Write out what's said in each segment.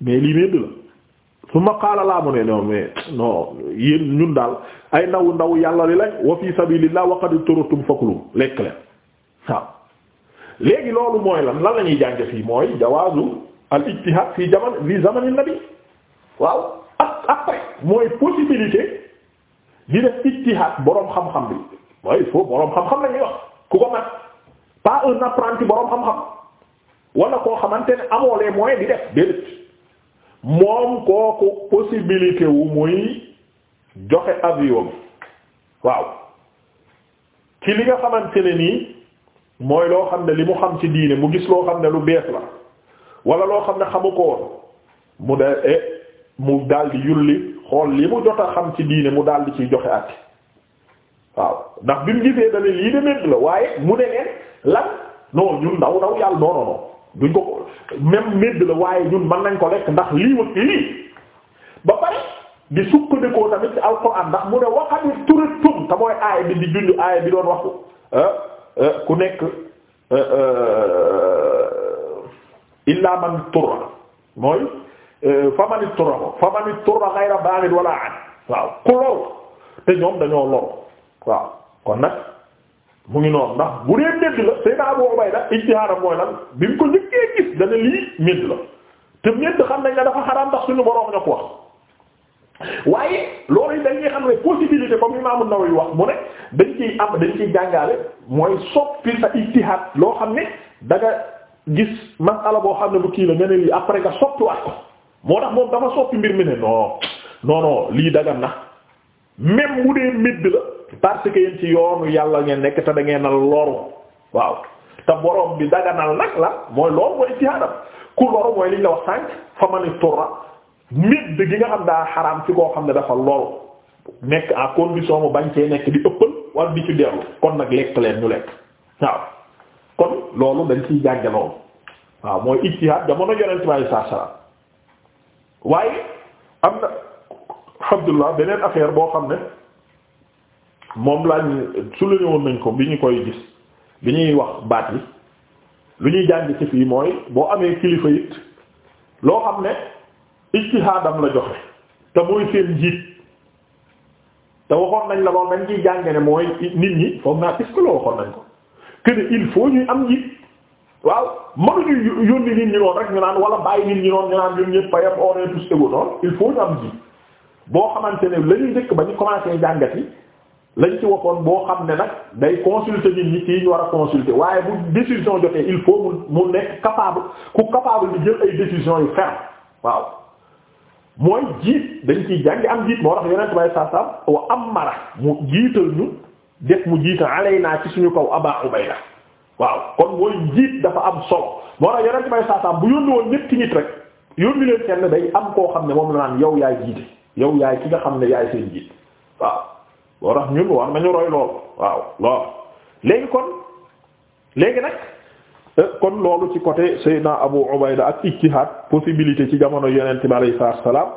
mais lii medd la su ma qaala laa mu ne non mais non yéen ñun daal ay ndaw ndaw yàlla li lañ wa fi sabilillah wa qad turtum fakulu lekk leen waaw léegi loolu mooy lan la ñuy jànge fii mooy jawaazu al ijtihad fi jaman fi zamani nabi waaw ak après mooy possibilité di def ijtihad boroom xam-xam bi waaye il boroom xam-xam la ñuy ku ko man pas un apprenti boroom xam-xam wala koo xamante ne amoo les moyens di def déedéet moom kooku possibilité wu muy joxe avion waaw ci li nga xamante ne nii mooy loo xam ne li mu xam ci diine mu gis loo xam ne lu bees la wala loo xam ne xamu ko mu de e mu daldi yulli xool li mu jot a xam ci diine mu daldi ciy joxe at waaw ndax bi mu gisee dane lii de médd la waaye mu ne leen lan non ñun ndaw ndaw yàlla non non duñ ko même medd waaye ñun man nañ ko lekk ndax lii wëg lii ba pare di sukkandikoo tamit ci alquran ndax mu ne waxamit tura tum te mooy aaya bi di junj aaya bi doon waxu ah, ah, ku nekk ah, illa man turra mooy eh, fa manit turra ko fa manit turra ghayra baghin wala an waaw ku lool te ñoom dañoo lool waaw kon mu ngi noonu ndax bu dee médd la Seydina Abu Ubayda ijtihaadam mooy lan bi mu ko njëkkee gis dana lii médd la te médd xam nañ ne dafa xaraam ndax suñu boroom nga ko wax waaye loolu yi xam ne possibilité comme Imam An-Nawawi wax mu ne dañ ciy am dañ ciy jàngaale mooy soppi sa ijtihaad loo xam ne da nga gis masala boo xam ne bu kii la nga ne lii après nga soppiwaat ko moo tax moom dafa soppi mbir mi ne non non lii dagan na même bu dee parce que yéen ci yoonu yàlla ngeen nekk te da ngeen a loru waaw te borom bi daganal nag la mooy loolu mooy jihaadam ku loru mooy li ñu la wax sànq fa ma ni turra mbir gi nga xam daa xaraam ci koo xam ne dafa loru nekk à condition mu bañ cee nekk di ëppal war di ci dellu kon nag lekk leen ñu lekk waaw kon loolu dañ ci jànge loolu waaw mooy ijtihaad jamono yonent bi sallallahu alayhi wasallam waaye am na Abdullah beneen affaire boo xam ne. moom laaj souligné woon nañ ko bi ñu koy gis bi ñuy wax baat yi lu ñuy jàng ci fii mooy boo amee kilifa it loo xam ne ijtihaadam la joxe te mooy seen njiit te waxoon nañ la lool dañ ciy jàng ne mooy nit ñi foog naa est-ce la waxoon nañ ko que il faut ñuy am njiit waaw mënuñu yónni nit ñi noonu rek ñu naan wala bàyyi nit ñi noonu ñu naan ñun ñëpp a yem on est tous égaux noonu il faut ñu am njiit boo xamante ne la ñuy njëkk ba ñu commencé jàngati. lañ ci waxoon boo xam ne nag day consulter nit ñi kii ñu war a consulter waaye bu décision jotee il faut mu mu nekk capable ku capable di jël ay décision yu ferme waaw mooy jiit dañ ciy jàngi am jiit moo tax yonent bay sasam wa am mara mu jiital ñu def mu jiita alay ci suñu kaw Aba Ubayda kon mooy jiit dafa am solo moo tax yonent bu yónni woon ñetti nit rek yónni leen kenn day am koo xam ne moom la naan yow yaay jiite yow yaay ki nga xam ne yaay seen jiit waaw loo tax ñun war nañu roy lool waaw lool léegi kon léegi nag euh, kon loolu ci côté Seydina Abu Ubayda ak ijtihaad possibilité ci jamono yonent bi alayhi salaam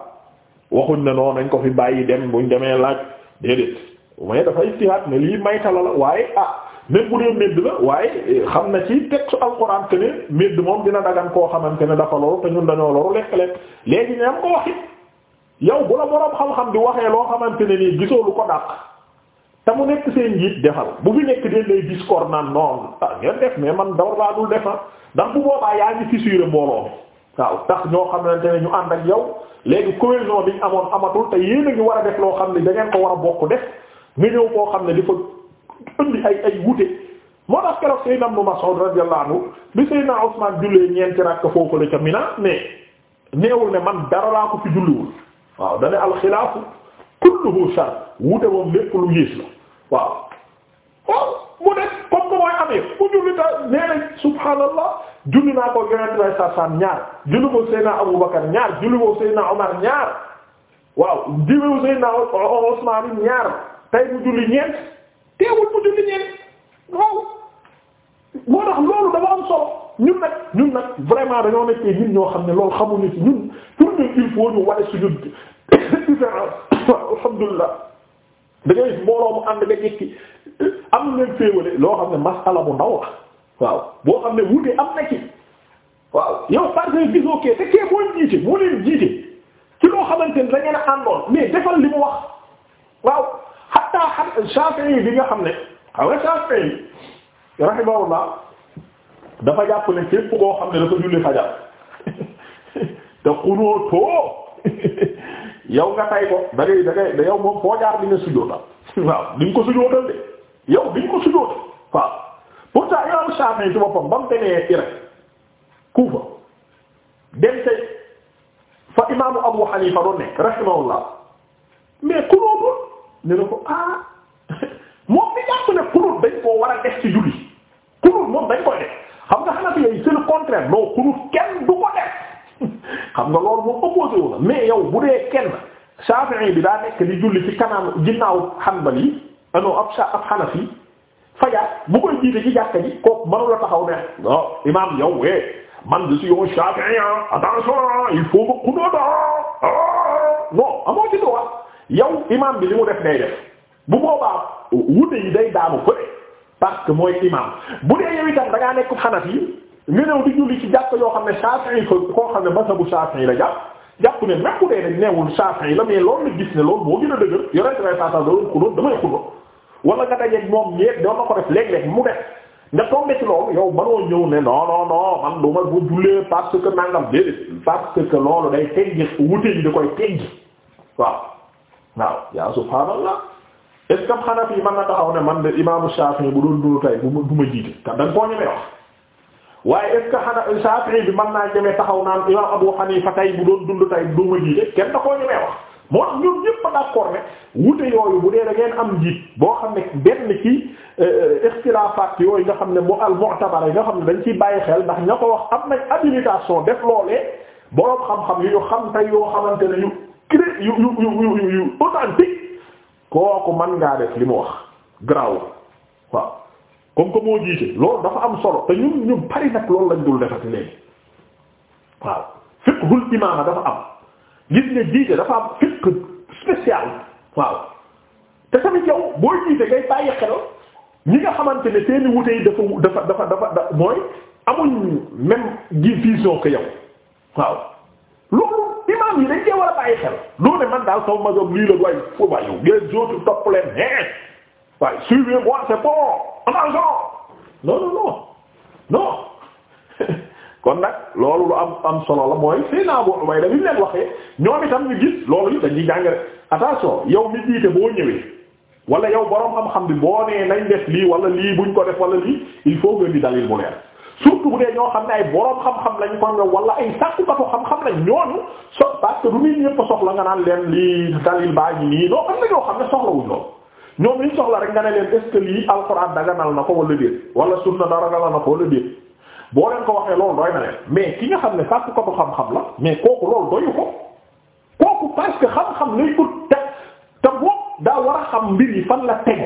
waxuñ na noonu nañ ko fi bàyyi dem buñ demee laaj déedéet mais dafa ijtihaad ne lii maytala la waaye ah même bu dee médd la waaye eh, xam na ci texte alxuraan que ne médd moom dina dagan koo xamante ne dafa loru te ñun dañoo loru lekk lekk léegi ñam ko waxit yow bu la boroom xam-xam di waxee loo xamante ne nii gisoo lu ko dàq te mu nekk seen njiit defal bu fi nekk den lay naan non ah def mais man dawar laa dul defa ah. ndax bu boobaa yaa ngi fissuré mbooloo mi waaw tax ñoo xamante ne ñu ànd ak yow léegi cohésion bi ñu amoon amatul te yéen a ngi war a def loo xam ne da ngeen ko war a bokk def nga ñëw koo xam ne dafa indi ay ay wute moo tax keroog Seydina Ibn Mas'ud radiyallahu anhu bi Seydina Usman jullee ñeenti rakk foofu la ca Mina mais neewul ne man dara laa ko waaw dane alxilaafu kulluhu shar wute moom lépp lu yées la waaw waaw mu nekk comme que mooy amir ku jullita nee subhaanallah julli naa ko yonent bi saa saam ñaar julli ko Seydina Abubakar ñaar julli ko Seydina Omar ñaar waaw julli ko Seydina Usmaan ñaar tey mu julli ñeent teewul mu julli ñeent moo tax loolu dafa am solo ñun nag ñun nag vraiment dañoo nekkee ñun ñoo xam ne lool xamuñu ci ñun pour ñun il faut ñu wane suñu différence alhamdulilah da ngay mbooloo mu ànd nga jekki am nañ féewale loo xam ne masala bu ndaw waaw boo xam ne wute am na ci waaw yow parce que gisoo kee te kee moo jiite moo leen jiite ci loo xamante ni da ngeen a àndoon mais defal li mu wax waaw hatta Shafi'i bi nga xam ne xam nga Shafi'i la dafa jàpp ne képp koo xam ne dafa julli fajar te xunóotoo yow nga tay ko da ngay da moom foo jaar di nga sujjóotal waaw di nga ko sujjóotal de yow di nga ko sujjóotal waaw pourtant imam Shafi'i ci boppam ba mu demee Irak Kufa dem te fa imaamu Abu Hanifa doon nekk rahimahullah mais xunóotul ne na ko ah moom mi jàpp ne xunóot dañ koo war a moom dañ koy xam nga xanaa fi xam nga loolu moom opposé wu na mais yow bu dee kenn Shafi'i bi daa nekk di julli ci kanam ginnaaw Hanbali ano ah ab sa ab Hanafi fajar bu koy jiite ci jàkka ji kooku mënu la taxaw ne non imam yow eh man je suis un Shafi'i attention il faut ma xunóo da amoo ci droit yow imam bi li mu def day def bu boobaa wute yi day daanu fëre parce que mooy imam bu dee yow itam da ngaa nekk Hanafi nga ñëw di julli ci jàkk yoo xam ne Shafi'i koo xam ne mazhabu Shafi'i la jàpp jàpp ne même bu dee ne neewul Shafi'i la mais loolu la gis ne loolu moo gën a dëgër yore sa saa saa doon ku doon damay xulóo wala nga dajeeg moom ñeent doon na ko def léeg-léeg mu def nga tombé ci loolu yow mënoo ñëw ne non non non man duma bu jullee parce que nangam déedéet parce que loolu day teggi wute yi da est-ce xanaf yi man na taxaw ne man de imaamu Shafi'i bu doon dóor tey bu ma du ma jiite kat da nga koo ñemee wax waaye est-ce que bi mën naa ñemee taxaw naan imaam Abu Hanifa tey bu doon dundu tey du ma jiite kenn da koo ñemee wax moo tax ñun ñëpp a d'accord ne wute yooyu bu dee da ngeen am njiit boo xam ne benn ci euh, ixtilaafaat yooyu nga xam ne mu al mu'tabara yi nga xam ne dañ ciy bàyyi xel ndax ña ko wax am nañ habilitation def loolee boroom xam-xam yu ñu xam tey yoo xamante ne yu cré yu yu yu yu authentique kooku man ngaa def li mu wax graw waaw comme que moo jiite loolu dafa am solo te ñun ñu bari nag loolu lañ dul defati léegi waaw fiqhul imaama dafa am gis nga jiite dafa am fiqh spécial waaw te tamit yow boo jiite ngay bàyyi xel ñi nga xamante ne seeni wute yi dafa dafa dafa dafa mooy amuñ même vision que yow waaw loolu imam yi dañ cee war a bàyyi xel lu ne man daal sama mazhab lii la doy fo ba yow les autres topp leen neex waaye suivez-moi c'est bon en argent non non non non kon nag loolu lu am am solo la mooy sëy naa boo way dañu leen waxee ñoom itam ñu gis loolu yi dañuy jàng rek attention yow mi jiite boo ñëwee wala yow boroom xam-xam bi boo nee nañ def lii wala lii buñ ko def wala lii il faut que di dalil mu leer surtout bu dee ñoo xam ne ay boroom xam-xam lañ ko nga wala ay sàkkukatu xam-xam lañ ñooñu so parce que du nit ñëpp soxla nga naan leen lii dalil baa ngi nii xam ne soxlawuñ lool ñoom liñ soxla rek nga ne leen est-ce que lii alxuraan daganal na ko wala déet wala sunna daganal na ko wala déet boo leen ko waxee loolu doy na leen mais ki nga xam ne sàkkukatu xam-xam la mais kooku loolu doyu ko kooku parce que xam-xam lay ut te te boobu daa war a xam mbir yi fan la teg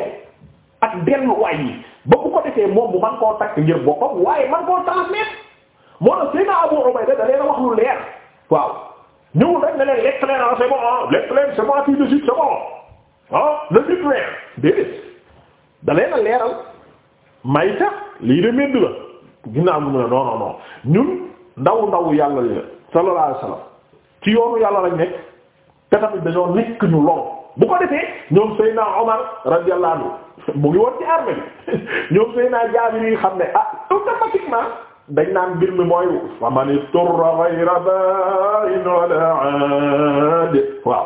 ak delluwaay yi ba bu ko defee moom mu man koo takk ngir boppam waaye man koo transmettre moo tax Seydina Abu Ubayda da leen a wax lu leer waaw ñëwul rek ne leen lekk leen ah c'est bon ah lekk leen c'est bon tout de suite c'est bon ah le vite leer déedéet da may tax lii de médd la ginnaaw lu mu ne non non non ñun ndaw ndaw yàlla li la sallallahu alayhi wasallam ci yoonu yàlla lañ nekk te dañoo nekk bu ko defee ñoom Seydina Omar radiyallahu anhu mu ngi woon ci armée ñoom Seydina Jaabir xam ne ah automatiquement dañ naan mbir mi mooy faman turra ghayra ba'in wala 'ad waaw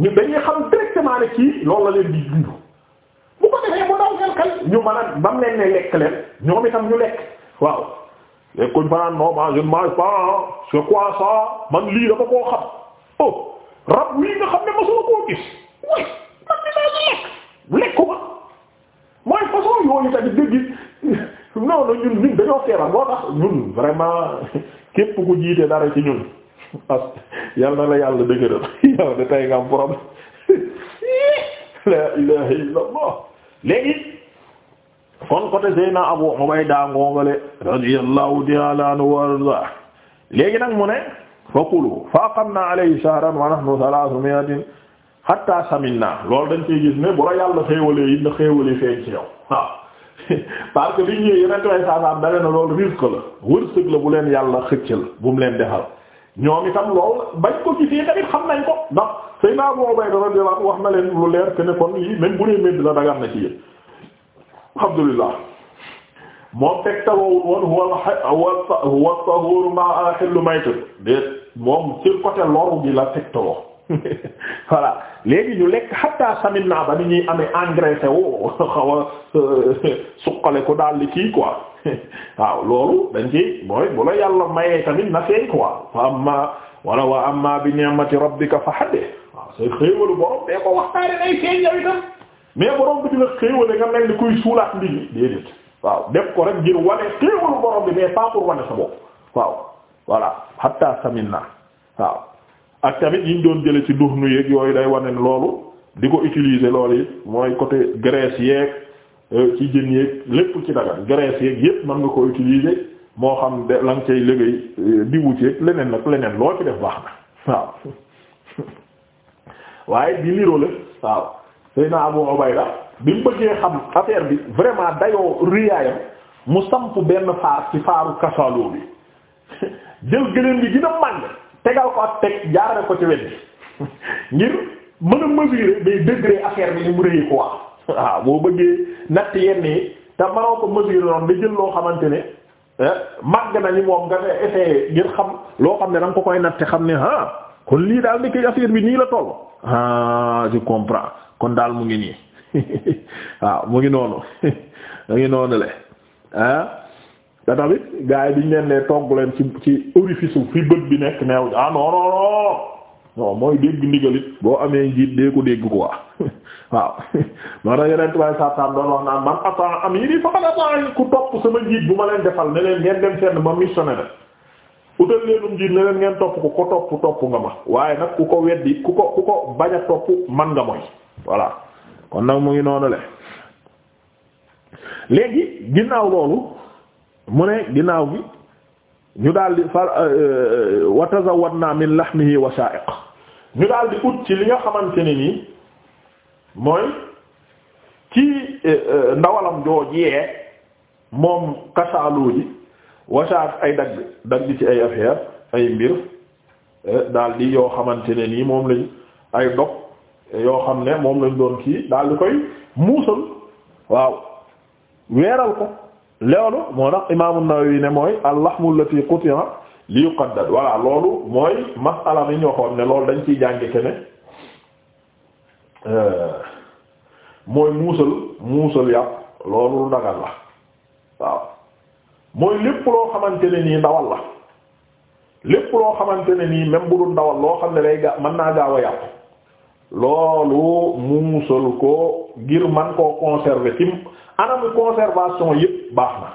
ñu dañuy xam directement ne kii loolu la leen di dund bu ko defee mu daw xel ñu mën a bam leen lekk leen ñoom itam ñu lekk waaw et kuñ fanaan non ma je ne mange pas c'est quoi man lii dafa koo xam oh rab wii nga xam ne ma soo koo mooy man mi maa ko lekk lekku ma mooy façon yooyu tamit dëgg non ñun ñun dañoo feebar boo tax ñun vraiment képp ku jiite dara ci ñun yal na la yàlla dëgëral yow tey nga am problème la ilaha illallah léegi kon côté nag mu ne fa qulu fa aqamna alayhi shahran wa nahnu thalathu hatta saminna loolu dañ koy gis ne bu la yàlla xéewalee yi na xéewale feeñ ci yow parce que ñëwee yeneen way saasaam dale na loolu risque la wërsëg la bu leen yàlla xëccal bu mu leen defal ñoom itam loolu bañ ko gisee tamit xam nañ ko ndax Seydina Abu Ubayda radiyallahu anhu wax na leen lu leer que yi même bu nee médd la dagan na ci yéen alhamdulillah moom teg tawawul woon huwa huwa tahuru ma ahillu maytu déet moom ci côté loru gi la teg tawoo voilà léegi ñu lekk hatta samit naa ba ni ñuy amee engraissé wo xaw euh, suqale ko daal di kii quoi waaw loolu dañ ci mooy bu la tamit na feeñ quoi fa wala wa amma bi ni'mati rabbika fa haddith waaw say xéewalu borom dee ko waxtaane day feeñ yow itam mais borom bi dina xéewale nga mel ni kuy suulaat mbir mi déedéet waaw def ko rek ngir wane xéewalu borom bi mais pas pour wane sa bopp waaw voilà hatta samit naa waaw ak tamit yiñ doon jële ci dux nu yeeg yooyu day wane loolu di ko utiliser loolu it mooy côté graisse yeeg euh, ci jën yeeg lépp ci dagan graisse yeeg yépp mën nga ko utiliser moo xam de la nga cay liggéey euh, di wuteeg leneen nag leneen loo ci def baax na waaw waaye di liroole waaw Seydina Abu Ubayda bi mu bëggee xam affaire bi vraiment dayoo riyaayam mu samp benn faar ci faaru kasaloo bi jël gëléem bi dina màng tegal ko ak teg jaarale ko ci wet ngir mën a mesurer day degré affaire bi ni mu rëy ko wax waaw boo bëggee natt yenn yi te manoo ko mesurer noonu da jël loo xamante ne eh, màgg na ni moom nga ne essayé ngir xam loo xam ne da nga ko koy natte xam ne ah kon lii daal di koy bi nii la toll ah je comprends kon daal mu ngi nii waaw ah, mu ngi noonu mu ngi noonu le ah. te tamit gars yi biñ leen lee togg leen ci ci orifice fi bët bi nekk neew ah non non non non mooy dégg ndigalit boo amee njiit dee ko dégg quoi waaw moo tax yeneen tubaab saataan doon wax bu defal ne ngeen dem fenn ma missionné na utal leenum njiit ne leen ko ko topp topp nga ma waaye nag ku ko weddi ku ko man nga mooy voilà nag mu ngi noonu le léegi ginnaaw loolu mu ne ginnaaw gi ñu daldi fa euh, euh, wa tazawadna min mi washa'iq ñu daldi ut ci li nga xamante ne nii mooy ci euh, ndawalam joojee moom kasaaloo ji ay dagg dagg ci ay affaire ay mbir daldi yoo xamante ne nii moom lañ ay dog yoo xam ne moom lañ doon kii daldi koy muusal waaw weeral ko loolu moo tax imaamu Nawawi ne mooy al-lahmu allati quti'a li yuqaddad voilà loolu mooy masala mi ñu waxoon ne loolu dañ ciy jànge ke euh, mooy muusal muusal yàpp loolu lu dagal la waaw mooy lépp loo xamante ne nii ndawal la lépp loo xamante ne nii même bu dul ndawal loo xam ne day ga mën naa gaaw a yàpp loolu muusal ko ngir man koo conserver ci anamu conservation yëpp baax na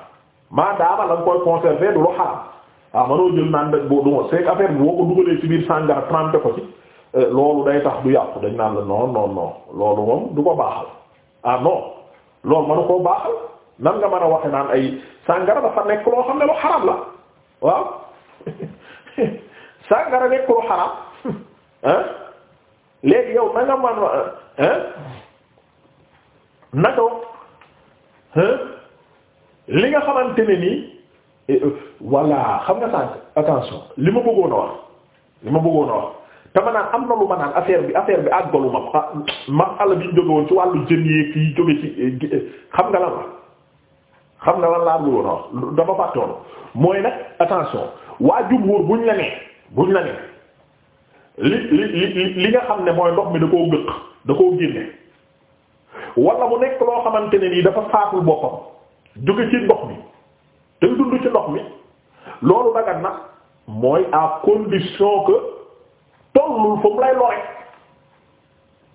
maadaama la nga koy conserver du lu xaram waaw ah, manoo jël naan da boo duma c'est affaire bi boo ko dugalee ci biir sàngara trempé ko ci euh, loolu day tax du yàqu dañ naan la non non non loolu moom du ko baaxal ah non loolu manu koo baaxal nan nga mën a waxe naan ay sàngara dafa nekk loo xam ne lu la waaw sàngara nekk lu xaram ah léegi yow na nga mën ah naka li nga xamante ne nii euh, voilà xam nga sànq attention li ma bëggoon a wax li ma bëggoon a wax te ma naan am na lu ma naan affaire bi affaire bi àggalu ma ah ma àll bi jóge woon ci wàllu jën yeeg yi jóge ci eh, eh, xam nga lan la xam nga lan laa bëggoon a wax dafa fàttoon mooy nag attention waa jumhur buñ la nee buñ la nee li li li li nga xam ne mooy ndox mi da koo gëq da koo génne. walla mu nekk loo xamante ne nii dafa faatul boppam jóge ci ndox mi te dund ci ndox mi loolu dagan na mooy à condition que tollul fa mu lay lore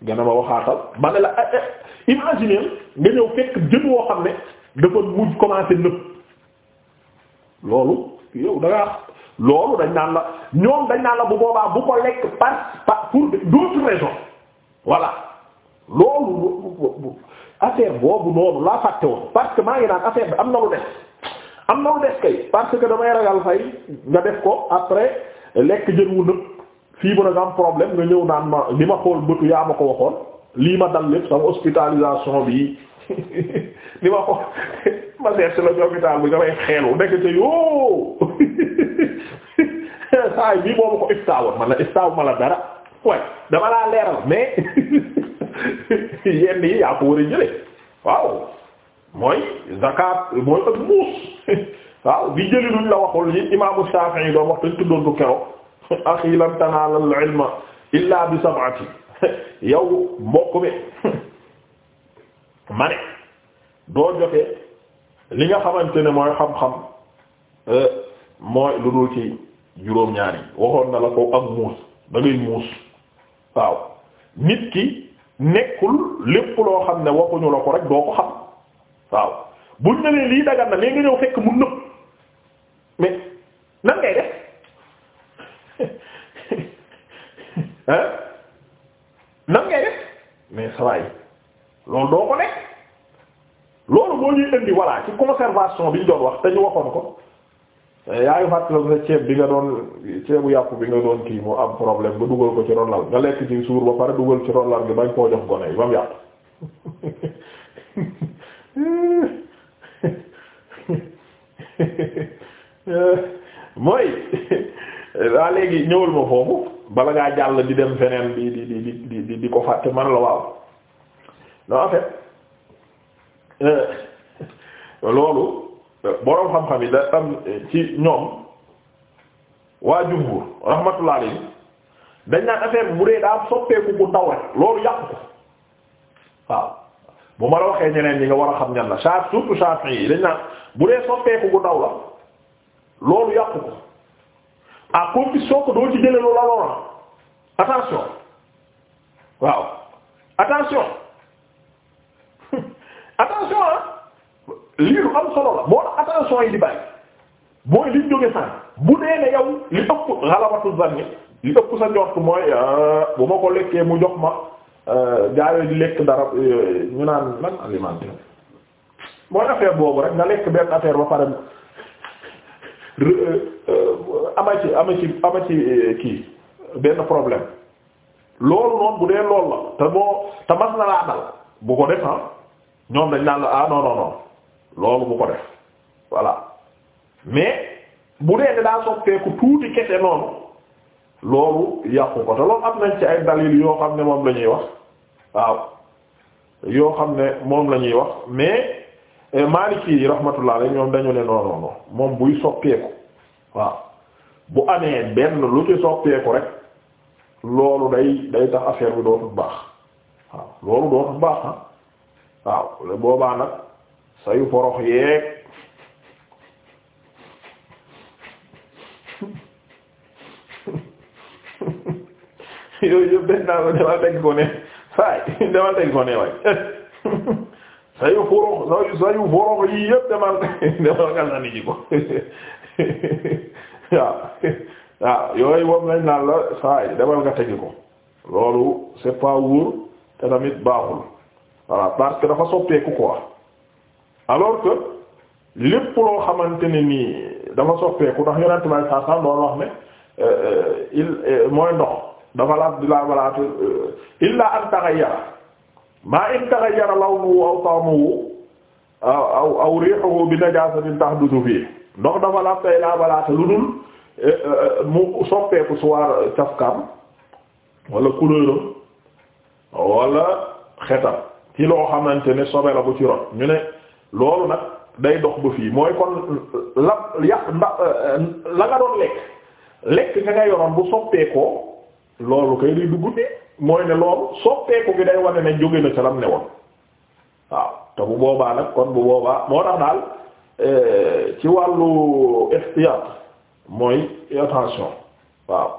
gën a ma waxaatal ma ne la eh, eh, imaginer nga ñëw fekk jën woo xam ne dafa mujj commencé nëb loolu yow da ngaa loolu dañ naan la ñoom dañ naan la bu boobaa bu ko lekk par par pour d'autres raisons voilà loolu affaire boobu noonu laa fàtte woon parce que maa ngi naan affaire bi am na lu des am na lu des kay parce que damay ragal fay nga def ko après lekk jën wu nëb fii ba nga am problème nga ñëw naan ma li ma xool bëtu yaa ma ko waxoon lii ma dal lépp sama hospitalisation bi li ma ko ma seet si la ci hôpital bi nga may xeelu nekk ca yoo saa bii boobu ko iftawoon ma la iftaw ma la dara waaye dama laa leeral mais. yenn yi yaa ko war a jële waaw mooy zakat mooy ak muus waaw bi jëli la waxul yi imaamu Shafi'i doon wax dañ tuddoon du kero axi lan tanaala al ilma illa bi sab'ati yow mbokk bi ma doo joxe li nga xamante ne mooy xam-xam euh, mooy lu dul ci juróom-ñaar yi waxoon na la ko ak muus da muus waaw nit ki nekkul lépp loo xam ne waxuñu la ko rek doo ko xam waaw buñ ne lii dagan na mais nga ñëw fekk mu nëb mais nan ngay def ah nan ngay def mais loolu doo ko nekk loolu moo ñuy indi voilà ci conservation bi ñu doon wax te ñu waxoon ko. yaa ngi fàttaliku sa ceeb bi nga doon ceebu yàpp bi nga doon kii moo am problème dugal ko ci ronlal nga lekk ci suur ba pare dugal ci ronlal gi bañ koo jox gone yi ba mu yàpp mooy daa léegi ñëwul ma foofu bala ngaa jàll di dem feneen di di di di di di ko fàtte man la waaw non en fait euh, loolu boroom xam-xam yi da eh, ci ñoom waa jumhur dañ naan affaire bu dee daa soppeeku bu ndaw rek loolu yàqu ko waaw bu ma la waxee ñeneen ñi nga war a xam ñan na saa surtout Shafi'i yi dañ naan bu dee soppeeku bu ndaw la loolu yàqu ko à condition que doo ci jëlee loolu la loola attention waaw attention attention lii lu am solo la boo tax attention yi di bari mooy liñ jóge sànq bu dee ne yow li ëpp xalawatu zanni li ëpp sa njort mooy euh, bu ma ko lekkee mu jox ma jaayoo euh, di lekk dara euh, ñu naan lan alimentaire mooy affaire boobu rek nga lekk benn affaire ba pare ama ci ama ci ama ci kii benn problème loolu noonu bu dee loolu la te boo te mas na laa dal bu ko defee ah, ñoom dañ naan la ah non non non. loolu bu ko def voilà mais bu dee daa soppeeku tuuti kese noonu loolu yàqu ko te loolu am nañ ci ay dalil yoo xam ne moom la ñuy wax waaw yoo xam ne moom la ñuy wax mais eh, Maliki yi rahmatullah alayhi ñoom dañu ne non moom buy soppeeku waaw bu amee benn lu ci soppeeku rek loolu day day tax affaire bi dootul baax waaw loolu dootul baax ah waaw boobaa nag. sayu forox yeeg yooyu yëpp dañ naa ko dama teg ko ne waay dama teg ko ne waay sayu forox sayu sayu forox yi yëpp demal demal ka sani ji ko waaw waaw yooyu moom lañ naan la saay demal nga tegi ko loolu c'est pas wóor te tamit baaxul voilà parce que dafa soppeeku quoi alors que lépp loo xamante ni nii dafa soppeeku ndax yonent may saa saa loolu wax ne euh, euh, mooy ndox dafa la di laa walaatu euh, illa an taghayyara maa in taghayyara lawnuhu aw ta'muhu aw aw rihuhu bi najasatin tahduthu fii ndox dafa la tay laa lu dul mu soppeeku suwaar cafkaam wala couleur wala xetam ci loo xamante ne sobe la bu ci rot ñu ne loolu nag day dox ba fii mooy kon la euh, euh, la nga doon lekk lekk nga nga yoroon bu soppeekoo loolu kay day dugg ne mooy ne loolu soppeeku bi day wane ne jóge na ca lam ne woon waaw te bu boobaa nag kon bu boobaa moo tax daal euh, ci wàllu ihtiyat mooy attention waaw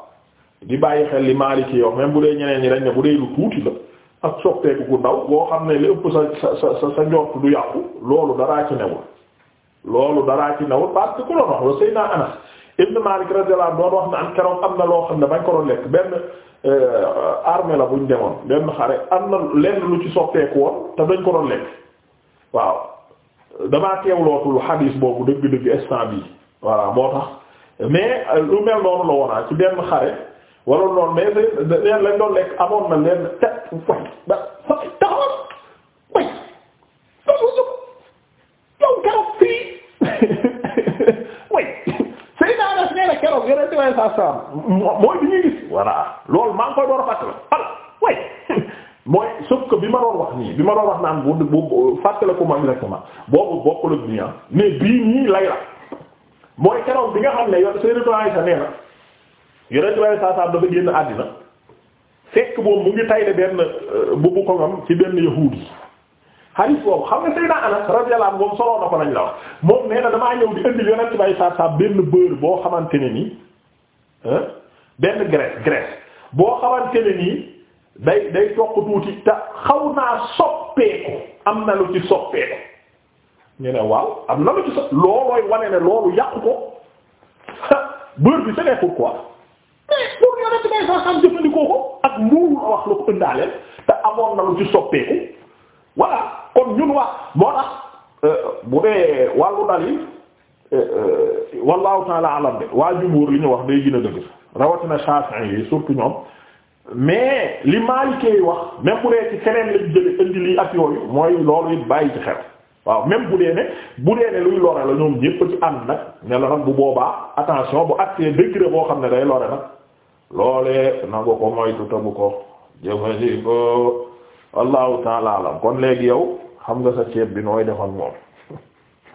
di bàyyi xel li Maalik yi wax même bu dee ñeneen ñi dañ ne bu dee lu tuuti la. ak soppeeku gu ndaw boo xam ne li ëpp sa sa sa sa du yàqu loolu daraa ci newul loolu daraa ci newul parce ku doon wax la Seydina Anas ibn Malik radiyallahu anhu doon wax na am keroog am na loo xam ne bañ ko doon lekk benn euh, armée la buñ demoon benn xare am na lenn lu ci soppeeku woon te dañ ko doon lekk waaw damaa teewlootul xadiis boobu dëgg-dëgg instant bi voilà moo tax mais euh, lu mel noonu la woonaa ah, ci benn xare waroon lool mais leen lañ doon amoon na leen te way ba way taxawal way taxawal suuf yow keroog fii way Seydina Anas nee na keroog yeneen di waaye saa saa mooy bi ñuy gis voilà loolu maa koy door a fàttali al way mooy sauf que bi ma doon wax nii bi ma doon wax naan bu bu fàttaliku ma exactement boobu bokkul ak bi ah, mais bii nii lay la mooy keroog bi nga xam ne yow Seydina Anas nee na yonent bi saa saa dafa génn àddina fekk moom mu ngi tayle benn euh, bubbu ko ngam ci benn yahuudi hadith boobu xam nga Seydina Anas radiyallahu anhu moom soloon na ko lañ la wax moom nee na damaa ñëw di indi yonent bi saa saa benn beurre boo xamante ne nii benn graisse graisse boo xamante ne nii day day toq tuuti te xaw naa soppeeku am na lu ci soppeeku ñu ne waaw am na lu ci soppeeku loolooy wane ne loolu yàqu ko beurre bi c'est pourquoi. mais pour yonent bi sallallahu alayhi wasallam jëfandikoo ko ak muur la wax la ko ëndaaleel te amoon na lu ci soppeeku voilà kon ñun wax moo tax euh, bu dee wàllu dal yi euh, euh, wallahu taala alam de waa jumhur li ñu wax day gën a dëgg rawatina Shafi'i yi surtout ñoom mais li Maalikee yi wax même bu dee ci keneen lañ jële indi ak yooyu mooy loolu it bàyyi ci xel waaw même bu dee ne bu dee ne luy lore la ñoom ñépp ci ànd nag ne nag bu boobaa attention bu accès degré boo xam ne day lore nag loolee nangu ko moytu tabu ko jëfandikoo wallahu taala alam kon léegi yow xam nga sa ceeb bi nooy defan moom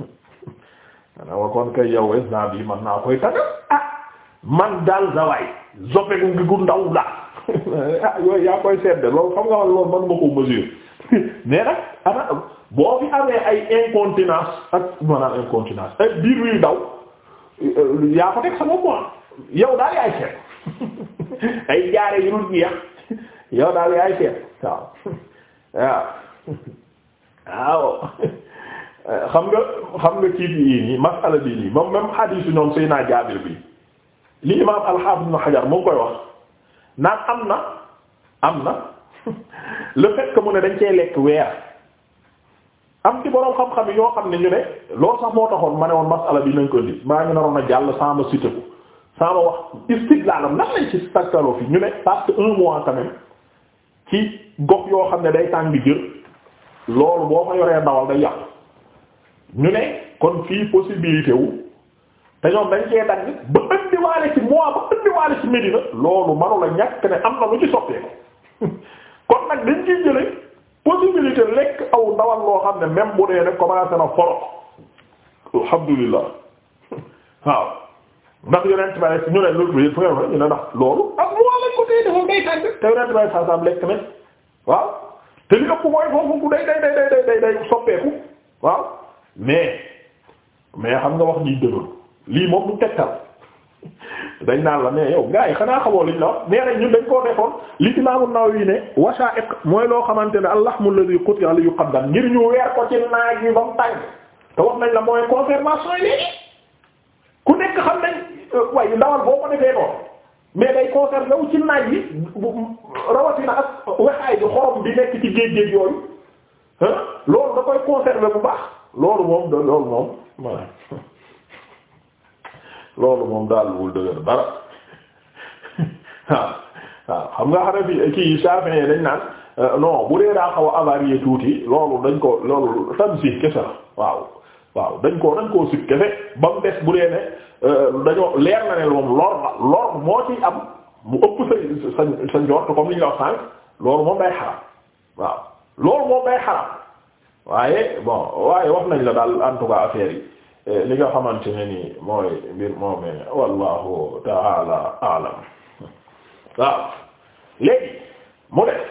mana wa kon kay yow isnad yi man naa koy tagga ah man daal sawaay zopeku ngi gu ndaw la ah yooyu yaa koy seetde loolu xam nga wal man ma ko mesure mais nag ana boo fi amee ay incontinence ak maanaam incontinence ay biir yuy daw euh, yaa ko teg sama ah. moom yow daal yaay seet ay jaare yu dul jeex yow daal yaay seet waaw waaw waaw xam nga xam nga kii bi yii nii masala bii nii moom même xadiis yi ñoom Seydina Jaabir bi li imaam al-Hafiz Ibn Hajar mu koy wax naan am na am na le fait mu ne dañ cee lekk weer am ci boroom xam-xam yi xam ne ñu ne loolu sax moo taxoon ma ne woon masala bi nañ ko indi maa ngi naroon a jàll sans ma citer ko sans ma wax istidlaalam nan lañ ci tàggaloo fi ñu ne parce que un mois ci gox yoo xam ne day tàng jër loolu boo ma yoree ndawal day yàqu ñu ne kon fii possibilité te ñoom dañ cee dagg ba ëndiwaale ci mois ba ëndiwaale ci Médina loolu manu ñàkk ne am na lu ci soppeeku kon nag dañ ciy jële possibilité lekk aw ndawal loo xam ne même bu dee rek commencé na foro alhamdulillah waaw ndax yonent ba ñu ne loolu fu ngeen ñu ak ko tey defal day tàng te yonent ba saa saam lekk li ëpp mooy foofu ku day day day soppeeku waaw mais mais xam nga wax ñuy dëgër lii moom du tegtal dañ naan la mais yow gars xanaa xamoo liñ la wax nee nañ ñun dañ koo defoon li Imam An-Nawawi ne washa'iq mooy loo xamante ne al-lahm alladhi quti'a li yuqaddam ngir ñu weer ko ci naaj yi ba mu tàng te wax nañ la mooy conservation yi léegi ku nekk xam nañ euh, waaye ndawal boo ko defee noonu mais day conservé wu ci naaj yi rawatina ak wexaay bi xorom bi nekk ci géej géej yooyu loolu da koy conservé bu baax loolu moom loolu moom loolu moom daal wul dëgër dara waaw waaw xam nga Hanafi kii Shafi'i dañ naan euh, non bu dee daa xaw a tuuti loolu dañ ko loolu tanzih kese waaw waaw dañ koo kese ba mu des bu dee ne euh, dañoo leer na ne moo ci am mu ëpp sa sa sa njort ñu wax sànq loolu moom day xaram waaw loolu moom day xaram waaye bon waaye wax nañ la daal en tout cas affaire yi Eh, li nga xamante ne nii mooy mbir moomee wallahu taala alam waaw léegi mu def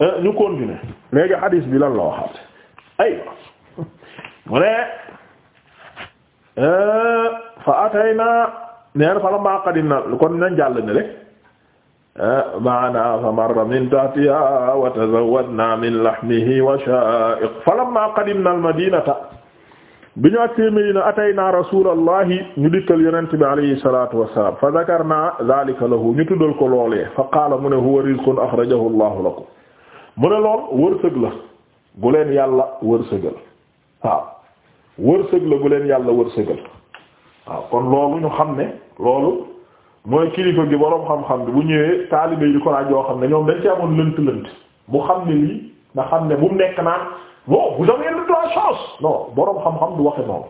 eh, ñu continuer léegi hadis bi lan la waxaat aywa mu ne eh, fa atayna neen fa lamma qadimna kon nañ jàll ne le maana fa marra min tahtiha wa tazawwadna min lahmihi wa sha'iq fa lamma qadimna al madinata bi ñu agsee Medina rasulallahi ñu dikkal yonent bi alayhi salaatu wassalaam fa dhakarna dhalika lahu ñu tuddal ko loolee fa qaala mu ne huwa rizqun akhrajahu allahu lakum mu ne lool wërsëg la gu leen yàlla wërsëgal waaw wërsëg la gu leen yàlla wërsëgal waaw kon loolu ñu xam ne loolu mooy kilifa gi boroom xam-xam bu ñëwee taalibe yi di ko laaj yoo xam ne ñoom dañ ci amoon lënt lënt mu xam ne lii nga xam ne bu mu nekk naan bon vous avez de la chance non boroom xam-xam du waxe noonu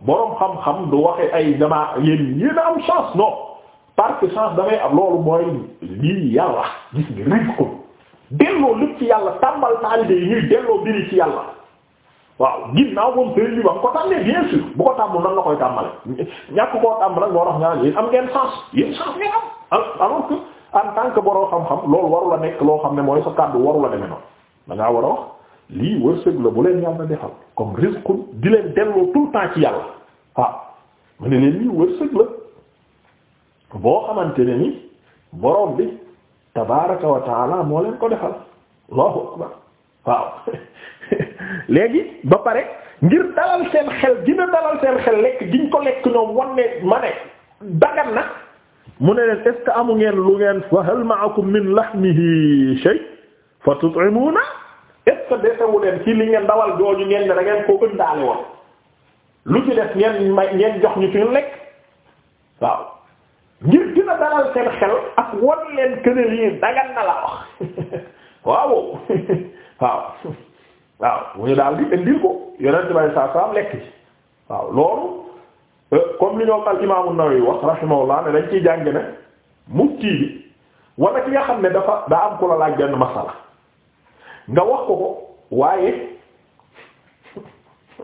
boroom xam-xam du waxe ay damaa yéen yéen a am chance non parce chance damay am loolu mooy lii yàlla gis nga rek ko delloo lépp ci yàlla tàmbal taalibe yi ñuy delloo biri ci yàlla waaw ginnaaw moom sëriñ bi ba ko tàmbalee bien sûr bu ko tàmbul la koy tàmbal nag moo tax nga naan yéen am ngeen chance yéen chance ngeen am alors que en tant que boroom xam-xam loolu waru nekk loo xam ne mooy sa kàddu waru la demee lii wërsëg la bu leen yàlla defal comme rizqul di leen delloo tout temps ci yàlla waaw ah mu ne leen lii wërsëg la boo xamante ne ni borom bi tabaaraka wa moo leen ko defal allahu akbar waaw léegi ba pare ngir dalal seen xel dina dalal seen xel lekk giñ ko lekk ñoom wan ma ne dagan na mu ne leen est ce amu ngeen lu ngeen fa hal ma'akum min lahmihi shay fa tut'imuna est ce que leen kii li ngeen dawal jooju ngeen ne da ngeen koo ëndaale woon lu ci def ngeen may ngeen jox ñu suñu lekk waaw ngir gën a seen xel ak wan leen këne lii dagan na la wax waaw waaw mu ñu daal di indil ko yonent bi saa saam lekk ci waaw loolu euh, comme li ñoo al imaamu Nawawi wax rahimahullah ne dañ ciy jàng ne mukki bi wala ki nga xam ne dafa daa am ku la laaj benn masala nga wax ko ko waaye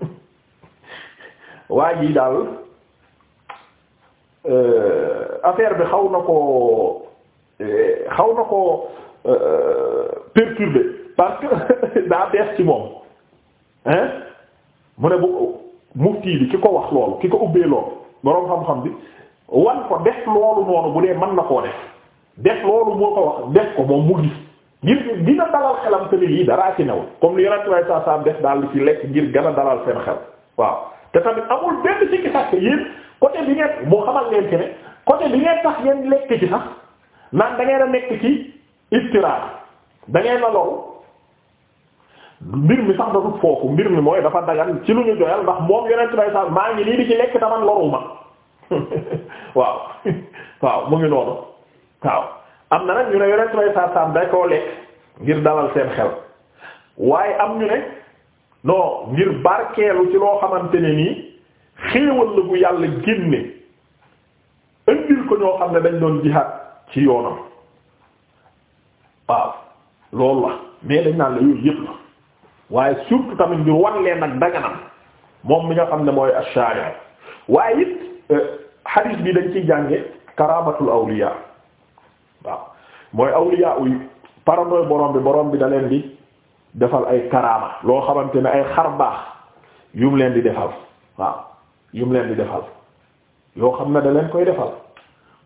waa jii daal euh, affaire bi xaw na ko euh, xaw na ko euh, perturbé parce que daa ci moom hein mu ne bu mufti bi ki ko wax loolu ki ko ubbee loolu xam-xam bi wan ko def loolu noonu bu dee mën na koo def def loolu wax def ko moom mu ngir dina dalal xelam te lii daraa ci newul comme li yonent way saa saam def daal ci lekk ngir gën a dalal seen xel waaw te tamit amul benn ci ki sax yéen bi ngeen moo xamal leen ci ne côté bi ngeen tax ngeen lekk ci sax naan da ngeen a nekk ci istiraar da ngeen a lool mbir mi sax dafut foofu mbir mi mooy dafa dagan ci lu ñu doyal ndax moom yonent way saa maa ngi nii di ci lekk taman loruma waaw waaw mu ngi noonu waaw am na nag ñu ne yonent bay saa saam day koo lekk ngir dalal seen xel waaye am ñu ne non ngir barkeelu ci loo xamante ne nii xéewal la bu yàlla génne indil ko ñoo xam ne dañ doon jihaad ci yoonam waaw loolu la mais dañ naan la yooyu yëpp la waaye surtout tamit ngir wan leen ak daganam moom mi nga xam ne mooy ash waaye it euh, hadith bi dañ ciy jànge karamatul awliya waaw mooy awliya yi parandooy borom bi borom bi da leen di defal ay karaama loo xamante ne ay xar baax yum leen di defal waaw yum leen di defal yoo xam ne da leen koy defal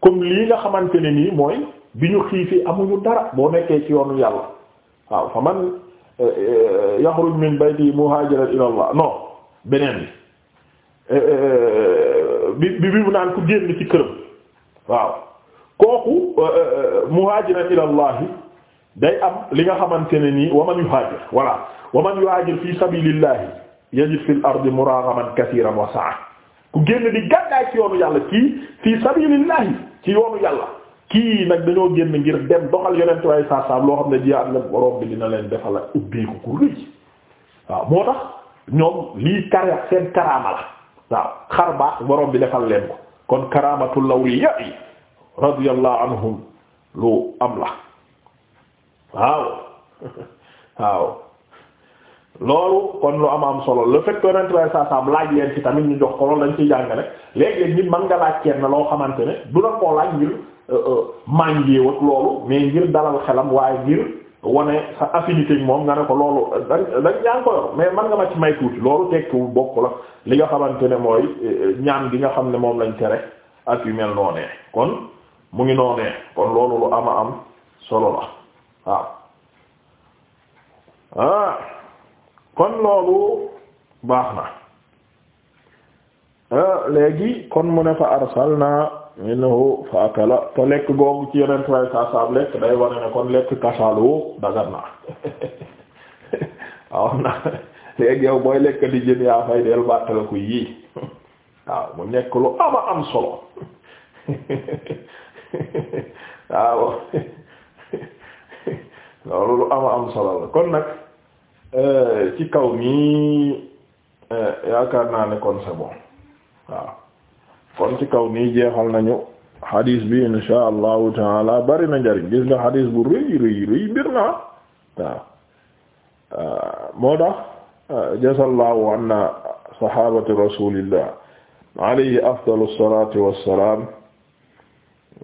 comme lii nga xamante ne nii mooy bi ñu xiifi amuñu dara boo nekkee ci yoonu yàlla waaw fa man eh, eh, yaxruj min bayti muhajiran ila Allah non beneen bi eh, bi bi naan ku génn ci këram waaw kooku euh, euh, euh, muhajiran ila allah day am li nga xamante ne nii wa man yuhaajir voilà wa man yuhaajir fi sabilillahi yajid fil ardi muraagaman kasiiran wa sa'a ku génn di gàddaay ci yoonu yàlla kii fi sabilillahi ci yoonu yàlla kii nag dañoo génn ngir dem doxal yonent waaye saa saa loo xam ne jiyaat la borom bi dina leen defal ak ubbeeku ku rëy waaw moo tax ñoom lii kara seen karaama la waaw xar baax borom bi defal leen ko kon karaamatul lawliya radiyallahu anhum lu am la waaw waaw loolu kon lu am am solo le fait que ren traité saa saam laaj leen ci tamit ñu jox ko loolu dañ ci jàngale léeg-léeg nit mën nga laaj kenn loo xamante ne du la koo laaj ngir euh, euh, màngee wut loolu mais ngir dalal xelam waaye ngir wane sa affinité moom nga ne ko loolu euh, dañ dañ ñaan ko mais man nga ma ci may tuuti loolu tekkiwul bokk la li nga xamante ne mooy ñaan gi nga xam ne moom lañ tere ak yu mel noonee kon. mu ngi noonee kon loolu lu ama am solo la waaw ah kon loolu baax na ah, léegi kon mu ne fa arsalna minhu fa akala te lekk googu ci yeneen tray sa saab lekk day wane ne kon lekk kasaaloo dagar na na léegi yow booy lekk di jën yaa fay del bàttale ko yii waaw mu nekk lu ama am solo waaw loolu lu ama am solo la kon nag euh, ci kaw nii euh, yaakaar naa ne kon c'est bon kon ci kaw nii jeexal nañu xadiis bi insha allahu taala bari na njariñ gis nga xadiis bu rëy rëy rëy mbir na waaw euh, moo anna sahabati rasulillah alayhi afdalu salatu wassalam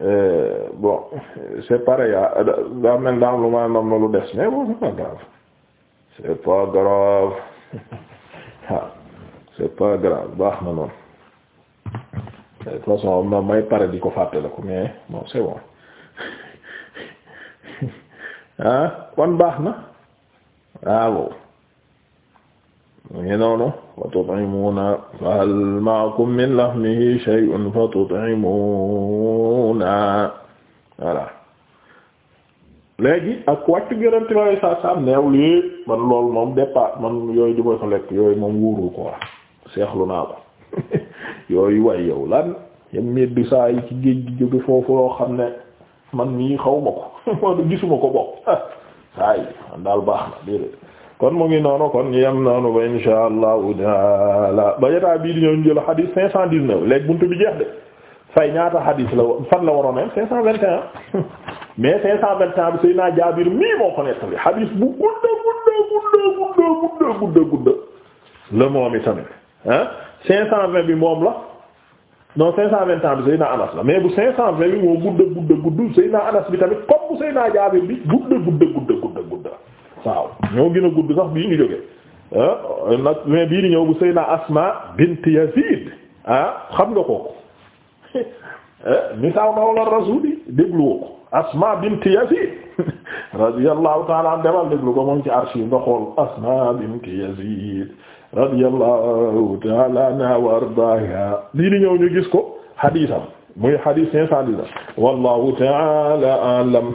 Euh, bon c'est pareil ah, daa mel daam lu ma nam na lu des mais bon c'est pas grave c'est pas grave waaw ah, c'est pas grave baax na noonu de toute façon ma may pare di ko fàtte la ko mais bon c'est bon ah kon baax na waaw ah, mu ngi noonu فتطعمون فهل معكم من لحمه شيء فتطعمون voilà léegi ak wàcc gërënti la sa sam neew lii man loolu moom départ man yooyu di ma ko lekk yooyu moom wóorul ko seexlu naa ko yooyu way yow lan yam meddu saa yi ci géej gi jóge foofu loo xam ne man mi xaw ma ko moo du gisuma ko bokk saa yi man daal baax na déedéet kon mu ngi noonu kon yem noonu ba insha allahu taala bii di ñëw ñu jël xadis 519 léegi bi jeex de fay ñaata xadis la fan la waroon a mais 521 bi Seydina Jaabir moo ko nettali xadis bu gudda gudda gudda gudda gudda gudda la moom itamit ah 520 bi moom la non 521 bi Seydina Anas la mais bu bi moo gudda gudda gudda gudda gudda. waaw ñoo gën a gudd sax bii ñu jógee ah, nag mais bii di ñëw bu Seyna Asma bint Yazid ah xam nga kooku eh, misaaw na wala rasuuli ko Asma bint Yazid radiyallahu ta'ala an demal déglu ko moom ci archive nga xool Asma bint Yazid radiyallahu ta'ala anha wa ardaaha bii di ñëw ñu gis ko hadisam muy hadis 519 wallahu ta'ala a'lam